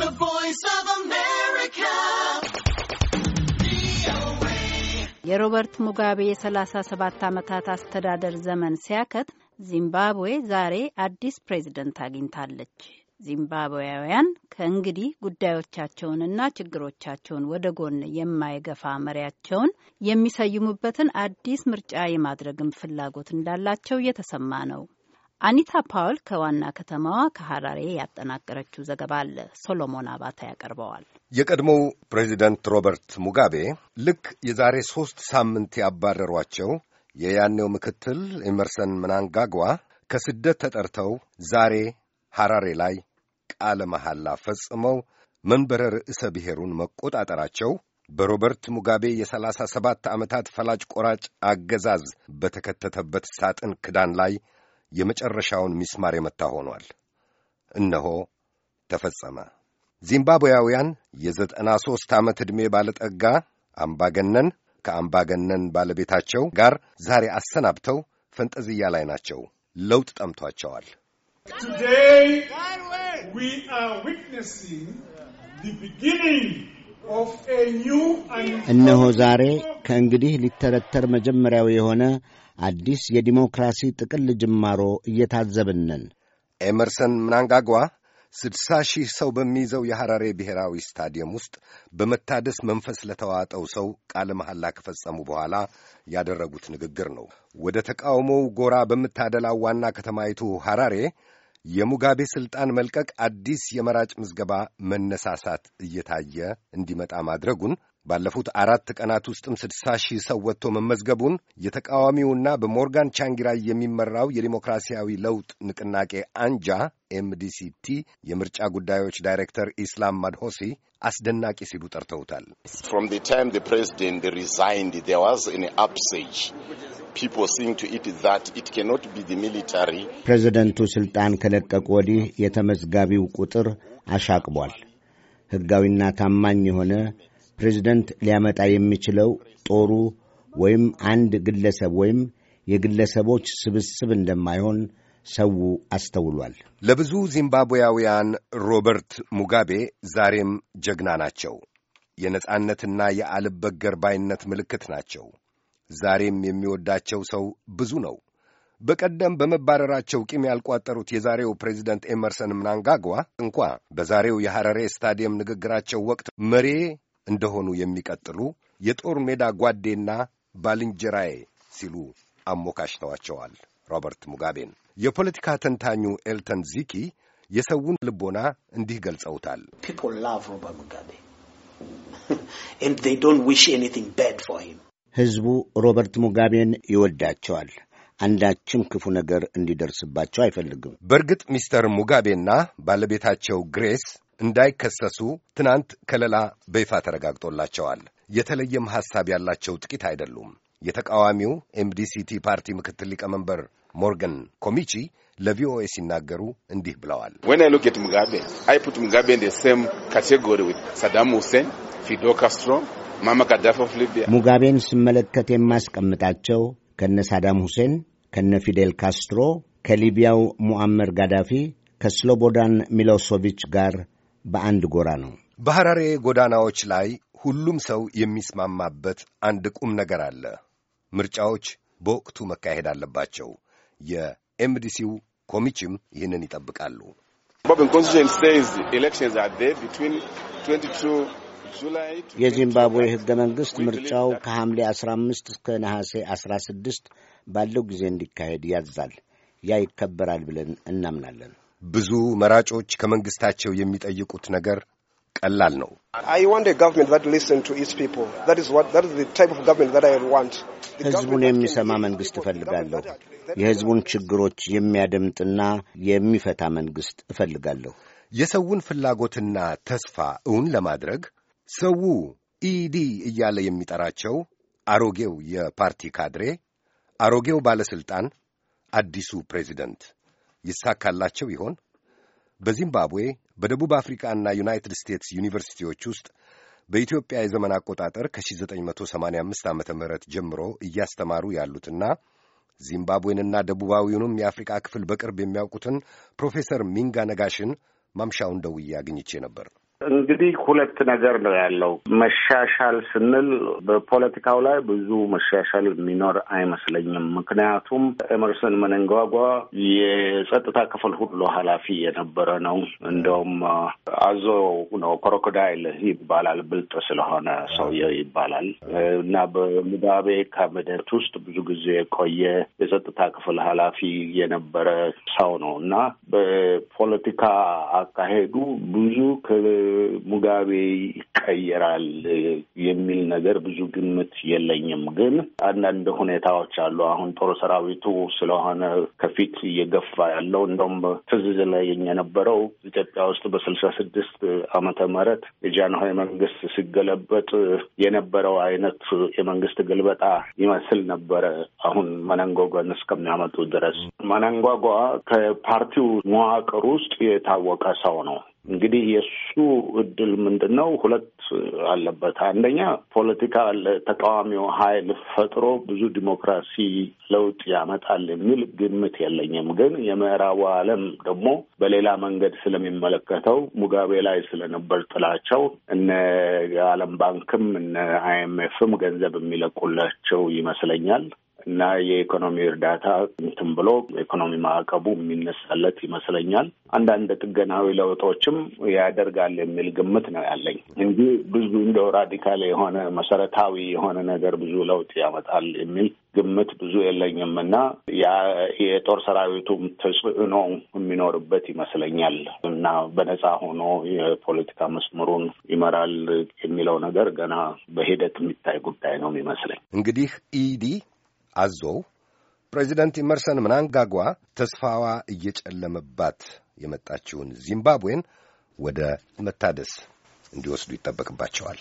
The Voice of America. የሮበርት ሙጋቤ የ ሰባት ዓመታት አስተዳደር ዘመን ሲያከት ዚምባብዌ ዛሬ አዲስ ፕሬዝደንት አግኝታለች። ዚምባብዌያውያን ከእንግዲህ ጉዳዮቻቸውንና ችግሮቻቸውን ወደ ጎን የማይገፋ መሪያቸውን የሚሰይሙበትን አዲስ ምርጫ የማድረግም ፍላጎት እንዳላቸው እየተሰማ ነው። አኒታ ፓውል ከዋና ከተማዋ ከሐራሬ ያጠናቀረችው ዘገባ አለ። ሶሎሞን አባታ ያቀርበዋል። የቀድሞው ፕሬዚደንት ሮበርት ሙጋቤ ልክ የዛሬ ሦስት ሳምንት ያባረሯቸው የያኔው ምክትል ኤመርሰን ምናንጋጓ ከስደት ተጠርተው ዛሬ ሐራሬ ላይ ቃለ መሐላ ፈጽመው መንበረ ርዕሰ ብሔሩን መቆጣጠራቸው በሮበርት ሙጋቤ የሰላሳ ሰባት ዓመታት ፈላጭ ቆራጭ አገዛዝ በተከተተበት ሳጥን ክዳን ላይ የመጨረሻውን ሚስማር የመታ ሆኗል። እነሆ ተፈጸመ። ዚምባብዌያውያን የዘጠና ሦስት ዓመት ዕድሜ ባለጠጋ አምባገነን ከአምባገነን ባለቤታቸው ጋር ዛሬ አሰናብተው ፈንጠዝያ ላይ ናቸው። ለውጥ ጠምቷቸዋል። እነሆ ዛሬ ከእንግዲህ ሊተረተር መጀመሪያው የሆነ አዲስ የዲሞክራሲ ጥቅል ጅማሮ እየታዘብንን ኤመርሰን ምናንጋጓ ስድሳ ሺህ ሰው በሚይዘው የሐራሬ ብሔራዊ ስታዲየም ውስጥ በመታደስ መንፈስ ለተዋጠው ሰው ቃለ መሐላ ከፈጸሙ በኋላ ያደረጉት ንግግር ነው። ወደ ተቃውሞው ጎራ በምታደላው ዋና ከተማይቱ ሐራሬ የሙጋቤ ሥልጣን መልቀቅ አዲስ የመራጭ ምዝገባ መነሳሳት እየታየ እንዲመጣ ማድረጉን ባለፉት አራት ቀናት ውስጥም ስድሳ ሺህ ሰው ወጥቶ መመዝገቡን የተቃዋሚውና በሞርጋን ቻንጊራይ የሚመራው የዲሞክራሲያዊ ለውጥ ንቅናቄ አንጃ ኤምዲሲቲ የምርጫ ጉዳዮች ዳይሬክተር ኢስላም ማድሆሲ አስደናቂ ሲሉ ጠርተውታል። ፕሬዝደንቱ ስልጣን ከለቀቁ ወዲህ የተመዝጋቢው ቁጥር አሻቅቧል። ሕጋዊና ታማኝ የሆነ ፕሬዝደንት ሊያመጣ የሚችለው ጦሩ ወይም አንድ ግለሰብ ወይም የግለሰቦች ስብስብ እንደማይሆን ሰው አስተውሏል። ለብዙ ዚምባብዌያውያን ሮበርት ሙጋቤ ዛሬም ጀግና ናቸው። የነጻነትና የአልበገር ባይነት ምልክት ናቸው። ዛሬም የሚወዳቸው ሰው ብዙ ነው። በቀደም በመባረራቸው ቂም ያልቋጠሩት የዛሬው ፕሬዚደንት ኤመርሰን ምናንጋጓ እንኳ በዛሬው የሐረሬ ስታዲየም ንግግራቸው ወቅት መሬ እንደሆኑ የሚቀጥሉ የጦር ሜዳ ጓዴና ባልንጀራዬ ሲሉ አሞካሽተዋቸዋል። ሮበርት ሙጋቤን የፖለቲካ ተንታኙ ኤልተን ዚኪ የሰውን ልቦና እንዲህ ገልጸውታል። ፒፖል ላቭ ሮበርት ሙጋቤ ኤንድ ዶንት ዊሽ ኤኒቲንግ ባድ ፎር ሂም ሕዝቡ ሮበርት ሙጋቤን ይወዳቸዋል። አንዳችም ክፉ ነገር እንዲደርስባቸው አይፈልግም። በእርግጥ ሚስተር ሙጋቤና ባለቤታቸው ግሬስ እንዳይከሰሱ ትናንት ከለላ በይፋ ተረጋግጦላቸዋል። የተለየም ሐሳብ ያላቸው ጥቂት አይደሉም። የተቃዋሚው ኤምዲሲቲ ፓርቲ ምክትል ሊቀመንበር ሞርጋን ኮሚቺ ለቪኦኤ ሲናገሩ እንዲህ ብለዋል። ሙጋቤን ስመለከት የማስቀምጣቸው ከነ ሳዳም ሁሴን፣ ከነ ፊዴል ካስትሮ፣ ከሊቢያው ሙአመር ጋዳፊ፣ ከስሎቦዳን ሚሎሶቪች ጋር በአንድ ጎራ ነው። በሐራሬ ጎዳናዎች ላይ ሁሉም ሰው የሚስማማበት አንድ ቁም ነገር አለ። ምርጫዎች በወቅቱ መካሄድ አለባቸው። የኤምዲሲው ኮሚችም ይህንን ይጠብቃሉ። የዚምባብዌ ህገ መንግስት ምርጫው ከሐምሌ 15 እስከ ነሐሴ 16 ባለው ጊዜ እንዲካሄድ ያዛል። ያ ይከበራል ብለን እናምናለን። ብዙ መራጮች ከመንግስታቸው የሚጠይቁት ነገር ቀላል ነው። ህዝቡን የሚሰማ መንግስት እፈልጋለሁ። የህዝቡን ችግሮች የሚያደምጥና የሚፈታ መንግስት እፈልጋለሁ። የሰውን ፍላጎትና ተስፋ እውን ለማድረግ ሰው ኢዲ እያለ የሚጠራቸው አሮጌው የፓርቲ ካድሬ፣ አሮጌው ባለሥልጣን፣ አዲሱ ፕሬዚደንት ይሳካላቸው ይሆን? በዚምባብዌ በደቡብ አፍሪካና ዩናይትድ ስቴትስ ዩኒቨርሲቲዎች ውስጥ በኢትዮጵያ የዘመን አቆጣጠር ከ1985 ዓ ም ጀምሮ እያስተማሩ ያሉትና ዚምባብዌንና ደቡባዊውንም የአፍሪቃ ክፍል በቅርብ የሚያውቁትን ፕሮፌሰር ሚንጋ ነጋሽን ማምሻውን ደውዬ አግኝቼ ነበር። እንግዲህ ሁለት ነገር ነው ያለው። መሻሻል ስንል በፖለቲካው ላይ ብዙ መሻሻል የሚኖር አይመስለኝም። ምክንያቱም ኤመርሰን መነንጓጓ የጸጥታ ክፍል ሁሉ ኃላፊ የነበረ ነው። እንደውም አዞ ነው ኮሮኮዳይል ይባላል፣ ብልጥ ስለሆነ ሰውየው ይባላል እና በሙጋቤ ካቢኔት ውስጥ ብዙ ጊዜ የቆየ የጸጥታ ክፍል ኃላፊ የነበረ ሰው ነው እና በፖለቲካ አካሄዱ ብዙ ሙጋቤ ይቀየራል የሚል ነገር ብዙ ግምት የለኝም። ግን አንዳንድ ሁኔታዎች አሉ። አሁን ጦር ሰራዊቱ ስለሆነ ከፊት እየገፋ ያለው እንደውም ትዝዝ ላይ የነበረው ኢትዮጵያ ውስጥ በስልሳ ስድስት አመተ ምህረት የጃንሆይ መንግስት ሲገለበጥ የነበረው አይነት የመንግስት ግልበጣ ይመስል ነበረ። አሁን መነንጓጓን እስከሚያመጡ ድረስ መነንጓጓ ከፓርቲው መዋቅር ውስጥ የታወቀ ሰው ነው። እንግዲህ የእሱ እድል ምንድን ነው? ሁለት አለበት። አንደኛ ፖለቲካ ተቃዋሚው ኃይል ፈጥሮ ብዙ ዲሞክራሲ ለውጥ ያመጣል የሚል ግምት የለኝም። ግን የምዕራቡ ዓለም ደግሞ በሌላ መንገድ ስለሚመለከተው ሙጋቤ ላይ ስለነበር ጥላቸው እነ የዓለም ባንክም እነ አይኤምኤፍም ገንዘብ የሚለቁላቸው ይመስለኛል። እና የኢኮኖሚ እርዳታ እንትን ብሎ ኢኮኖሚ ማዕቀቡ የሚነሳለት ይመስለኛል። አንዳንድ ጥገናዊ ለውጦችም ያደርጋል የሚል ግምት ነው ያለኝ እንጂ ብዙ እንደው ራዲካል የሆነ መሰረታዊ የሆነ ነገር ብዙ ለውጥ ያመጣል የሚል ግምት ብዙ የለኝም እና የጦር ሰራዊቱም ተጽዕኖ የሚኖርበት ይመስለኛል እና በነፃ ሆኖ የፖለቲካ መስመሩን ይመራል የሚለው ነገር ገና በሂደት የሚታይ ጉዳይ ነው የሚመስለኝ። እንግዲህ ኢዲ አዞው ፕሬዚደንት ኢመርሰን ምናንጋጓ ተስፋዋ እየጨለመባት የመጣችውን ዚምባብዌን ወደ መታደስ እንዲወስዱ ይጠበቅባቸዋል።